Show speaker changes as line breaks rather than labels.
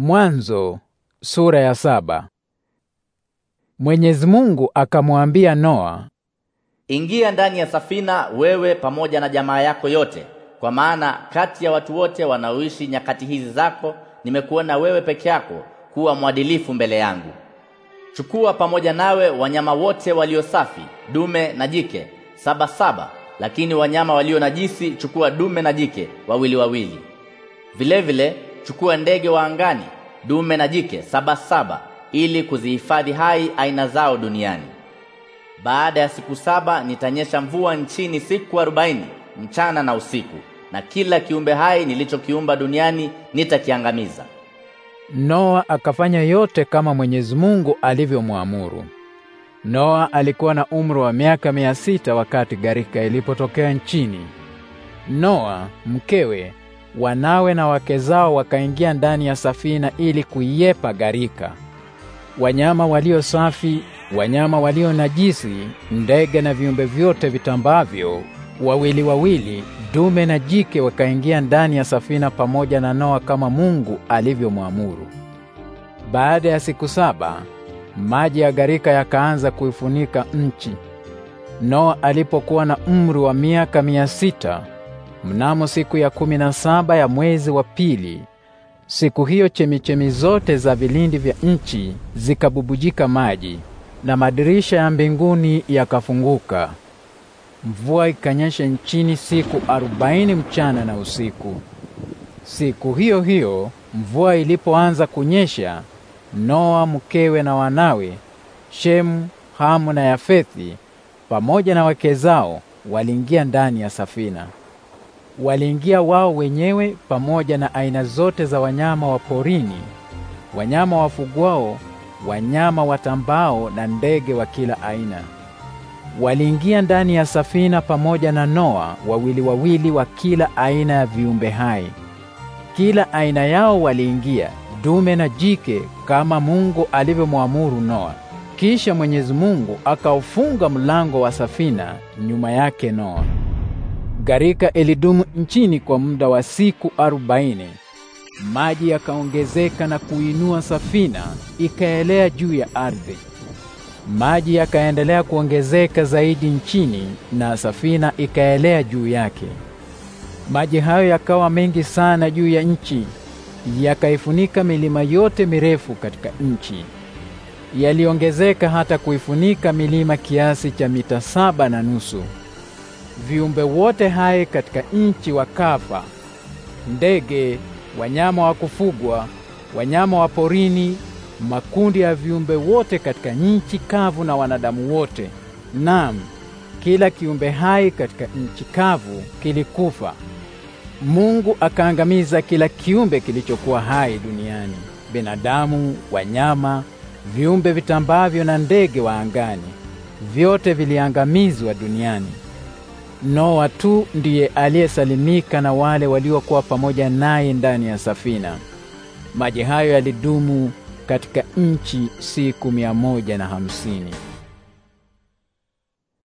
Mwanzo sura ya saba. Mwenyezi Mungu akamwambia Noa,
ingia ndani ya safina wewe pamoja na jamaa yako yote, kwa maana kati ya watu wote wanaoishi nyakati hizi zako nimekuona wewe peke yako kuwa mwadilifu mbele yangu. Chukua pamoja nawe wanyama wote walio safi, dume na jike saba saba, lakini wanyama walio najisi chukua dume na jike wawili wawili. Vilevile vile, chukua ndege wa angani, dume na jike saba saba, ili kuzihifadhi hai aina zao duniani. Baada ya siku saba nitanyesha mvua nchini siku arobaini mchana na usiku, na kila kiumbe hai nilichokiumba duniani nitakiangamiza.
Noa akafanya yote kama Mwenyezi Mungu alivyomwamuru. Noa alikuwa na umri wa miaka mia sita wakati gharika ilipotokea nchini. Noa mkewe Wanawe na wake zao wakaingia ndani ya safina ili kuiepa gharika. Wanyama walio safi, wanyama walio najisi, ndege na viumbe vyote vitambavyo wawili wawili, dume na jike, wakaingia ndani ya safina pamoja na Noa kama Mungu alivyomwamuru. Baada ya siku saba maji ya gharika yakaanza kuifunika nchi. Noa alipokuwa na umri wa miaka mia sita Mnamo siku ya kumi na saba ya mwezi wa pili, siku hiyo chemichemi zote za vilindi vya nchi zikabubujika maji na madirisha ya mbinguni yakafunguka. Mvua ikanyesha nchini siku arobaini mchana na usiku. Siku hiyo hiyo mvua ilipoanza kunyesha, Noa mkewe na wanawe, Shemu, Hamu na Yafethi pamoja na wake zao waliingia ndani ya safina waliingia wao wenyewe pamoja na aina zote za wanyama wa porini, wanyama wafugwao, wanyama watambao na ndege wa kila aina. Waliingia ndani ya safina pamoja na Noa, wawili wawili wa kila aina ya viumbe hai. Kila aina yao waliingia, dume na jike, kama Mungu alivyomwamuru Noa. Kisha Mwenyezi Mungu akaufunga mlango wa safina nyuma yake Noa. Gharika ilidumu nchini kwa muda wa siku arobaini. Maji yakaongezeka na kuinua safina ikaelea juu ya ardhi. Maji yakaendelea kuongezeka zaidi nchini na safina ikaelea juu yake. Maji hayo yakawa mengi sana juu ya nchi, yakaifunika milima yote mirefu katika nchi. Yaliongezeka hata kuifunika milima kiasi cha mita saba na nusu viumbe wote hai katika nchi wakafa: ndege, wanyama wa kufugwa, wanyama wa porini, makundi ya viumbe wote katika nchi kavu na wanadamu wote. Naam, kila kiumbe hai katika nchi kavu kilikufa. Mungu akaangamiza kila kiumbe kilichokuwa hai duniani: binadamu, wanyama, viumbe vitambavyo na ndege wa angani. Vyote viliangamizwa duniani. Noa tu ndiye aliyesalimika na wale waliokuwa pamoja naye ndani ya safina. Maji hayo yalidumu katika nchi siku mia moja na hamsini.